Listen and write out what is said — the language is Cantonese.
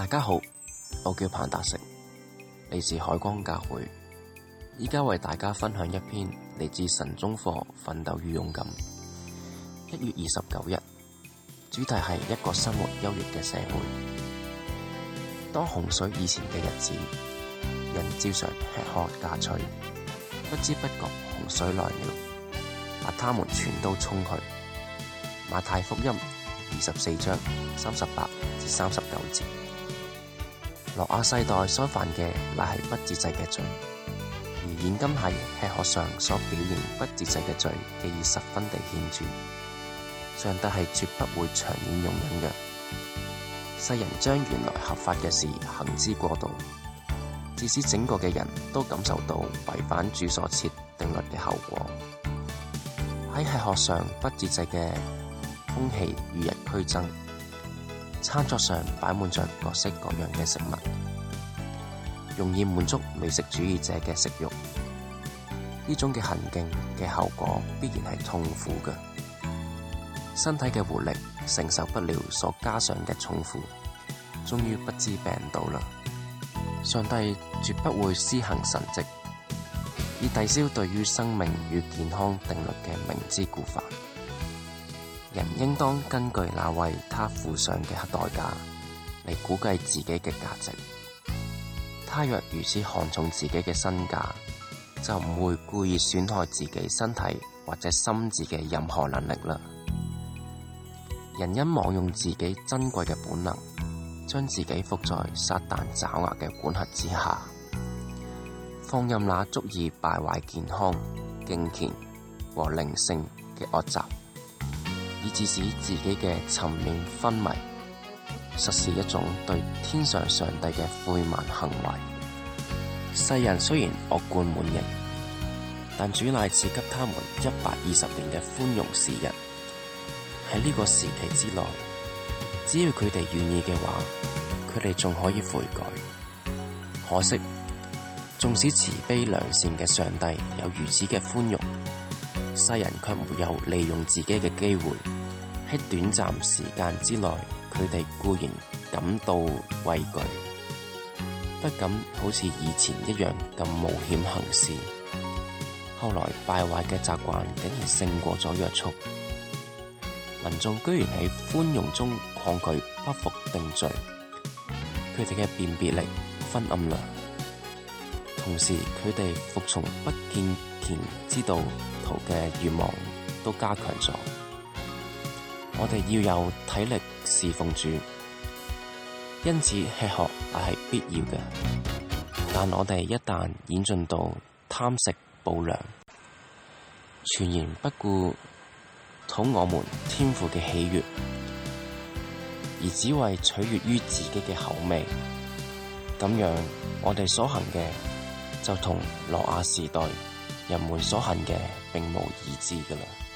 大家好，我叫彭達成，嚟自海光教會，依家為大家分享一篇嚟自神中課《奮鬥與勇敢》。一月二十九日，主題係一個生活優裕嘅社會。當洪水以前嘅日子，人照常吃喝嫁娶，不知不覺洪水來了，把他們全都沖去。馬太福音二十四章三十八至三十九節。羅亞世代所犯嘅，乃係不自制嘅罪；而現今喺吃喝上所表現不自制嘅罪，既已十分地顯著。上帝係絕不會長年容忍嘅。世人將原來合法嘅事行之過度，致使整個嘅人都感受到違反主所設定律嘅後果。喺吃喝上不自制嘅風氣，與日俱增。餐桌上擺滿着各式各樣嘅食物，容易滿足美食主義者嘅食慾。呢種嘅行徑嘅後果必然係痛苦嘅，身體嘅活力承受不了所加上嘅重負，終於不知病倒啦。上帝絕不會施行神蹟，以抵消對於生命與健康定律嘅明知故犯。人應當根據那為他付上嘅代價嚟估計自己嘅價值。他若如此看重自己嘅身價，就唔會故意損害自己身體或者心智嘅任何能力啦。人因妄用自己珍貴嘅本能，將自己伏在撒旦爪牙嘅管轄之下，放任那足以敗壞健康、敬虔和靈性嘅惡習。以致使自己嘅沉命昏迷，實是一種對天上上帝嘅悔慢行為。世人雖然惡貫滿盈，但主乃賜給他們一百二十年嘅寬容時日。喺呢個時期之內，只要佢哋願意嘅話，佢哋仲可以悔改。可惜，縱使慈悲良善嘅上帝有如此嘅寬容。世人卻沒有利用自己嘅機會，喺短暫時間之內，佢哋固然感到畏懼，不敢好似以前一樣咁冒險行事。後來敗壞嘅習慣竟然勝過咗約束，民眾居然喺寬容中抗拒不服定罪，佢哋嘅辨別力昏暗啦。同時，佢哋服從不聽從之道圖嘅願望都加強咗。我哋要有體力侍奉主，因此吃喝也係必要嘅。但我哋一旦演進到貪食暴糧，全然不顧討我們天賦嘅喜悅，而只為取悅於自己嘅口味，咁樣我哋所行嘅。就同諾亞時代人們所恨嘅並無二致㗎喇。